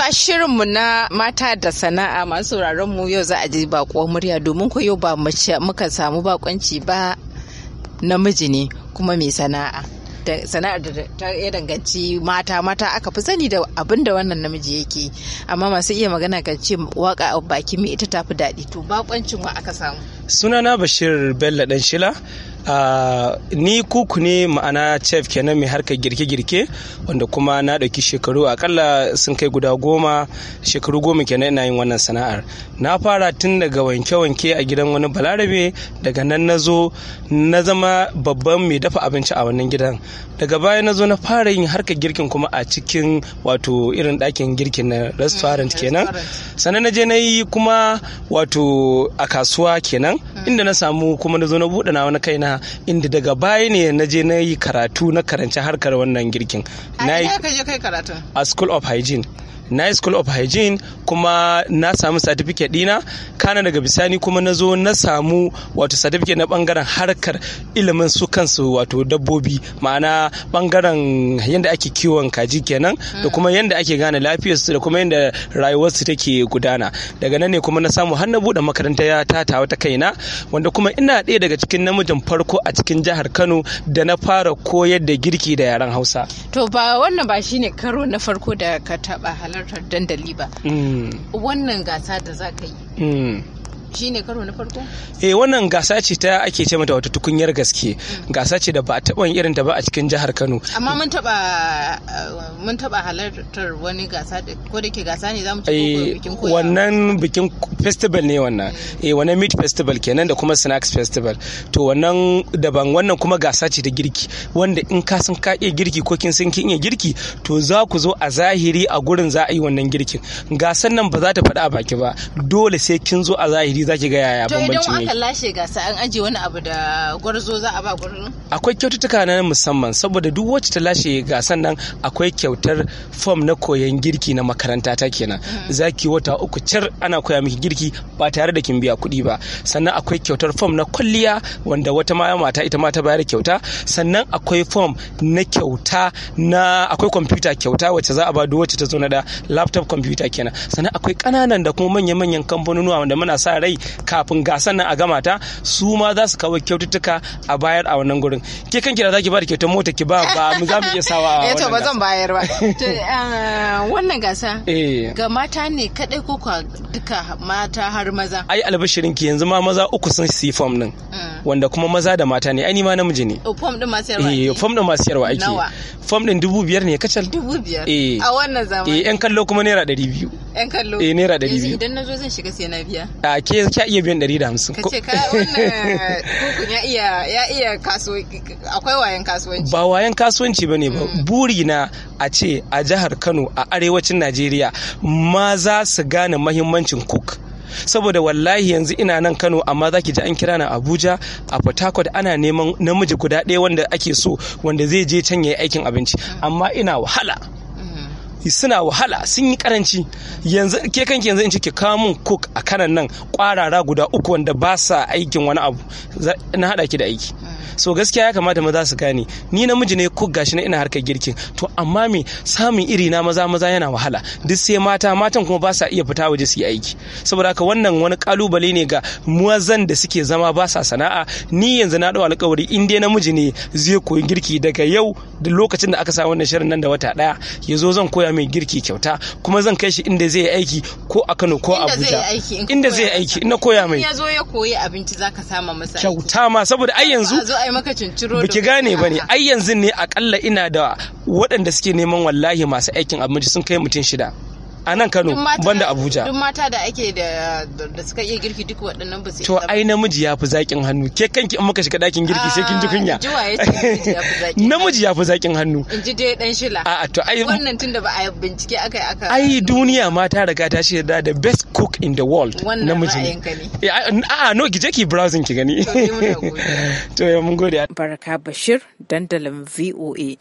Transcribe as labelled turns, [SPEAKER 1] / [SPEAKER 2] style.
[SPEAKER 1] To a shirinmu na mata da sana'a masu sauraron mu yau za a ji bakuwar murya domin ko yau ba mace muka samu bakonci ba namiji ne kuma mai sana'a. Da sana'ar da ta ya danganci mata mata aka fi sani da abin da wannan namiji yake amma masu iya magana kan ce waka a baki mai ita tafi daɗi to bakoncin wa aka samu
[SPEAKER 2] sunana bashir bello dan shila ni kuku ne ma'ana chef kenan mai harkar girke-girke wanda kuma na ɗauki shekaru akalla sun kai guda goma shekaru goma kenan ina yin wannan sana'ar na fara tun daga wanke-wanke a gidan wani balarabe daga nan na zo na zama babban mai dafa abinci a wannan gidan daga baya na zo na fara yin harkar girkin kuma a cikin wato irin ɗakin girkin na restaurant mm, kenan sannan na je na yi kuma wato a kasuwa kenan mm. inda na samu kuma na zo na buɗe na wani kaina na inda daga baya ne na je na yi karatu na karanci harkar wannan girkin kai karatu? a school of hygiene na school of hygiene kuma na samu certificate dina kana daga bisani kuma na zo na samu wato certificate na bangaren harkar ilimin su kansu wato dabbobi ma'ana bangaren yadda ake kiwon kaji kenan da mm. kuma yadda ake gane lafiyarsu da kuma yadda rayuwarsu take gudana daga nan ne kuma na samu har na buɗe makaranta ya tata wata kaina wanda kuma ina ɗaya daga cikin namijin farko a cikin jihar Kano da na fara koyar da girki da yaren Hausa
[SPEAKER 1] to ba wannan ba shine karo na farko da ka taba halar halartar dandali ba
[SPEAKER 2] mm.
[SPEAKER 1] wannan gasa da za ka yi mm. shi ne karo na farko
[SPEAKER 2] eh wannan gasa ce ta ake ce mata wata tukunyar gaske gasa ce da ba a taɓa irin ta ba a cikin jihar Kano
[SPEAKER 1] amma mun taɓa eh, mun taɓa halartar wani gasa ko da ke gasa ne zamu ci
[SPEAKER 2] eh, bikin koya wannan bikin festival ne wannan eh wannan meat festival kenan da kuma snacks festival to wannan daban wannan kuma gasa ce ta girki wanda in ka san ka iya girki ko kin san kin iya girki to za ku zo a zahiri a gurin za a yi wannan girkin gasar nan ba za ta faɗa a baki ba dole sai kin zo a zahiri guri zaki ga yaya bambancin yake. To idan aka
[SPEAKER 1] lashe gasa an aje wani abu da gwarzo za a ba gwarzo?
[SPEAKER 2] Akwai kyaututtuka na musamman saboda duk wacce ta lashe gasan nan akwai kyautar fom na koyan girki na makaranta ta kenan. Hmm. Zaki wata uku car ana koya miki girki ba tare da kin biya kuɗi ba. Sannan akwai kyautar fom na kwalliya wanda wata ma mata ita ma ta bayar kyauta. Sannan akwai fom na kyauta na akwai kwamfuta kyauta wacce za a ba duk wacce ta zo na da laptop kwamfuta kenan. Sannan akwai ƙananan da kuma manya-manyan kamfanonuwa wanda muna sa rai rai kafin gasar nan a gama ta su ma za su kawo kyaututtuka a bayar a wannan gurin ke kanki da zaki ba da kyautar mota ki ba ba mu za mu iya sawa a eh wannan ba zan bayar
[SPEAKER 1] ba eh, wannan gasa eh. ga mata ne kadai ko kwa duka mata har maza
[SPEAKER 2] ai albashirin ki yanzu ma maza uku sun si form din mm. wanda kuma maza da mata ne ai ma namiji ne
[SPEAKER 1] oh, form din ma sayarwa
[SPEAKER 2] eh form din ma sayarwa ake form din dubu biyar ne kacal
[SPEAKER 1] dubu biyar a wannan zamani eh
[SPEAKER 2] yan kallo kuma naira dari biyu
[SPEAKER 1] yan kallo eh naira ɗari biyu idan na zo zan shiga sai na biya
[SPEAKER 2] a ah, ke kya iya biyan ɗari da hamsin ka
[SPEAKER 1] ce ka wannan kukun ya iya ya iya kasuwanci akwai wayan kasuwanci
[SPEAKER 2] ba wayan kasuwanci bane ba mm. buri na a ce a jihar Kano a arewacin Najeriya ma za su gane mahimmancin cook saboda wallahi yanzu ina nan kano amma za ki ji an kira na abuja a port harcourt ana neman namiji guda ɗaya wanda ake so wanda zai je can ya yi aikin abinci mm. amma ina wahala suna wahala sun yi karanci yanzu ke kanki yanzu in ce ki kawo mun cook a kanan nan kwarara guda uku wanda ba sa aikin wani abu na hada ki da aiki so gaskiya ya kamata maza su gane ni namiji ne cook gashi na ina harkar girkin to amma me samun iri na maza maza yana wahala duk sai mata matan kuma ba sa iya fita waje su yi aiki saboda haka wannan wani kalubale ne ga muwazan da suke zama ba sa sana'a ni yanzu na dau alƙawari in dai namiji ne zai koyi girki daga yau da lokacin da aka sa wannan shirin nan da wata daya yazo zan koya mai girki kyauta kuma zan kai shi inda zai aiki ko a Kano ko Abuja inda zai aiki ina koya mai ya
[SPEAKER 1] ya koyi abinci zaka sama masa kyauta
[SPEAKER 2] ma saboda ai yanzu a zo
[SPEAKER 1] ai maka cinciro biki gane bane ai
[SPEAKER 2] yanzu ne akalla ina da waɗanda suke neman wallahi masu aikin abinci sun kai mutum shida a nan Kano banda Abuja duk
[SPEAKER 1] mata da ake da da suka iya girki duk waɗannan ba su to ai
[SPEAKER 2] namiji ya fi zakin hannu ke kanki in muka shiga ɗakin girki sai kin ji ah, kunya namiji ya fi zakin hannu
[SPEAKER 1] in ji dai dan shila a'a to ai wannan tunda ba a bincike akai aka ai duniya
[SPEAKER 2] ma ta riga ta shi da the best cook in the world namiji a'a no ki je ki browsing ki gani to mun gode barka bashir dandalin
[SPEAKER 1] VOA